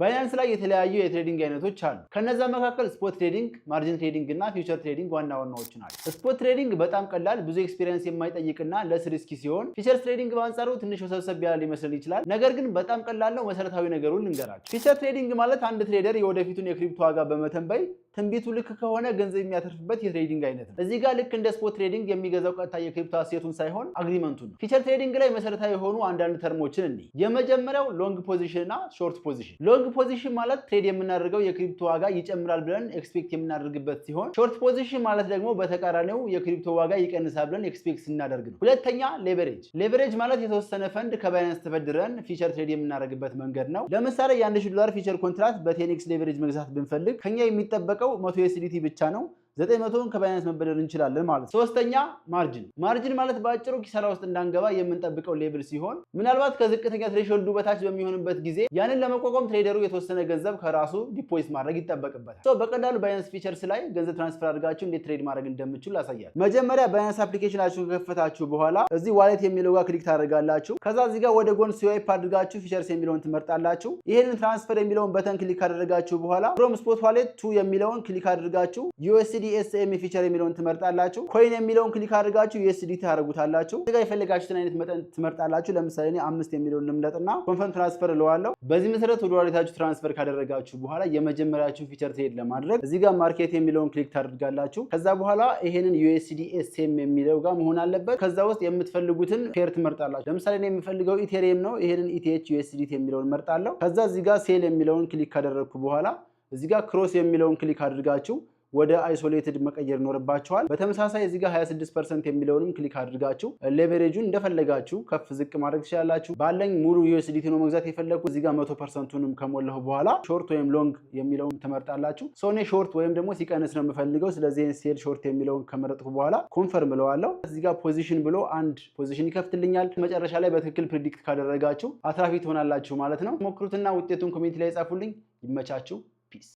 ባይናንስ ላይ የተለያዩ የትሬዲንግ አይነቶች አሉ። ከነዛ መካከል ስፖት ትሬዲንግ፣ ማርጅን ትሬዲንግ እና ፊውቸር ትሬዲንግ ዋና ዋናዎች ናቸው። ስፖት ትሬዲንግ በጣም ቀላል፣ ብዙ ኤክስፔሪንስ የማይጠይቅና ለስ ሪስኪ ሲሆን ፊውቸር ትሬዲንግ በአንጻሩ ትንሽ ውሰብሰብ ያለ ሊመስል ይችላል። ነገር ግን በጣም ቀላል ነው። መሰረታዊ ነገሩን ልንገራቸው። ፊውቸር ትሬዲንግ ማለት አንድ ትሬደር የወደፊቱን የክሪፕቶ ዋጋ በመተንበይ ትንቢቱ ልክ ከሆነ ገንዘብ የሚያተርፍበት የትሬዲንግ አይነት ነው። እዚህ ጋር ልክ እንደ ስፖት ትሬዲንግ የሚገዛው ቀጥታ የክሪፕቶ አሴቱን ሳይሆን አግሪመንቱን ነው። ፊቸር ትሬዲንግ ላይ መሰረታዊ የሆኑ አንዳንድ ተርሞችን እኒ የመጀመሪያው ሎንግ ፖዚሽን እና ሾርት ፖዚሽን ሎንግ ፖዚሽን ማለት ትሬድ የምናደርገው የክሪፕቶ ዋጋ ይጨምራል ብለን ኤክስፔክት የምናደርግበት ሲሆን ሾርት ፖዚሽን ማለት ደግሞ በተቃራኒው የክሪፕቶ ዋጋ ይቀንሳል ብለን ኤክስፔክት ስናደርግ ነው። ሁለተኛ ሌቨሬጅ። ሌቨሬጅ ማለት የተወሰነ ፈንድ ከባይናንስ ተበድረን ፊቸር ትሬድ የምናደርግበት መንገድ ነው። ለምሳሌ የአንድ ሺህ ዶላር ፊቸር ኮንትራት በቴኒክስ ሌቨሬጅ መግዛት ብንፈልግ ከኛ የሚጠበቀው መቶ ዩኤስዲቲ ብቻ ነው። ዘጠኝ መቶውን ከባይናንስ መበደር እንችላለን ማለት ነው። ሶስተኛ ማርጅን። ማርጅን ማለት በአጭሩ ኪሳራ ውስጥ እንዳንገባ የምንጠብቀው ሌብል ሲሆን ምናልባት ከዝቅተኛ ትሬሾልዱ በታች በሚሆንበት ጊዜ ያንን ለመቋቋም ትሬደሩ የተወሰነ ገንዘብ ከራሱ ዲፖዚት ማድረግ ይጠበቅበታል። በቀላሉ ባይናንስ ፊቸርስ ላይ ገንዘብ ትራንስፈር አድርጋችሁ እንዴት ትሬድ ማድረግ እንደምችሉ ያሳያል። መጀመሪያ ባይናንስ አፕሊኬሽናችሁን ከከፈታችሁ በኋላ እዚህ ዋሌት የሚለው ጋር ክሊክ ታደርጋላችሁ። ከዛ እዚህ ጋር ወደ ጎን ስዋይፕ አድርጋችሁ ፊቸርስ የሚለውን ትመርጣላችሁ። ይህንን ትራንስፈር የሚለውን በተን ክሊክ ካደረጋችሁ በኋላ ፍሮም ስፖት ዋሌት ቱ የሚለውን ክሊክ አድርጋችሁ ዩኤስዲ ዲኤስኤም ፊቸር የሚለውን ትመርጣላችሁ። ኮይን የሚለውን ክሊክ አድርጋችሁ ዩኤስዲ ታደርጉታላችሁ። እዚህ ጋር የፈለጋችሁትን አይነት መጠን ትመርጣላችሁ። ለምሳሌ እኔ አምስት የሚለውን ልምለጥና ኮንፈርም ትራንስፈር እለዋለሁ። በዚህ መሰረት ወደ ዋሌታችሁ ትራንስፈር ካደረጋችሁ በኋላ የመጀመሪያችሁን ፊቸር ትሄድ ለማድረግ እዚህ ጋር ማርኬት የሚለውን ክሊክ ታደርጋላችሁ። ከዛ በኋላ ይሄንን ዩኤስዲኤስኤም የሚለው ጋር መሆን አለበት። ከዛ ውስጥ የምትፈልጉትን ፔር ትመርጣላችሁ። ለምሳሌ እኔ የምፈልገው ኢቴሪየም ነው። ይሄንን ኢቲኤች ዩኤስዲቲ የሚለውን መርጣለሁ። ከዛ እዚህ ጋር ሴል የሚለውን ክሊክ ካደረግኩ በኋላ እዚህ ጋር ክሮስ የሚለውን ክሊክ አድርጋችሁ ወደ አይሶሌትድ መቀየር ይኖርባቸዋል። በተመሳሳይ እዚህ ጋር 26 ፐርሰንት የሚለውንም ክሊክ አድርጋችሁ ሌቨሬጁን እንደፈለጋችሁ ከፍ ዝቅ ማድረግ ትችላላችሁ። ባለኝ ሙሉ ዩኤስዲቲ ነው መግዛት የፈለግኩ እዚህ ጋር መቶ ፐርሰንቱንም ከሞላሁ በኋላ ሾርት ወይም ሎንግ የሚለውን ትመርጣላችሁ። ሰው እኔ ሾርት ወይም ደግሞ ሲቀንስ ነው የምፈልገው። ስለዚህ ሴል ሾርት የሚለውን ከመረጥኩ በኋላ ኮንፈርም እለዋለሁ። እዚህ ጋር ፖዚሽን ብሎ አንድ ፖዚሽን ይከፍትልኛል። መጨረሻ ላይ በትክክል ፕሪዲክት ካደረጋችሁ አትራፊ ትሆናላችሁ ማለት ነው። ሞክሩትና ውጤቱን ኮሚኒቲ ላይ ጻፉልኝ። ይመቻችሁ።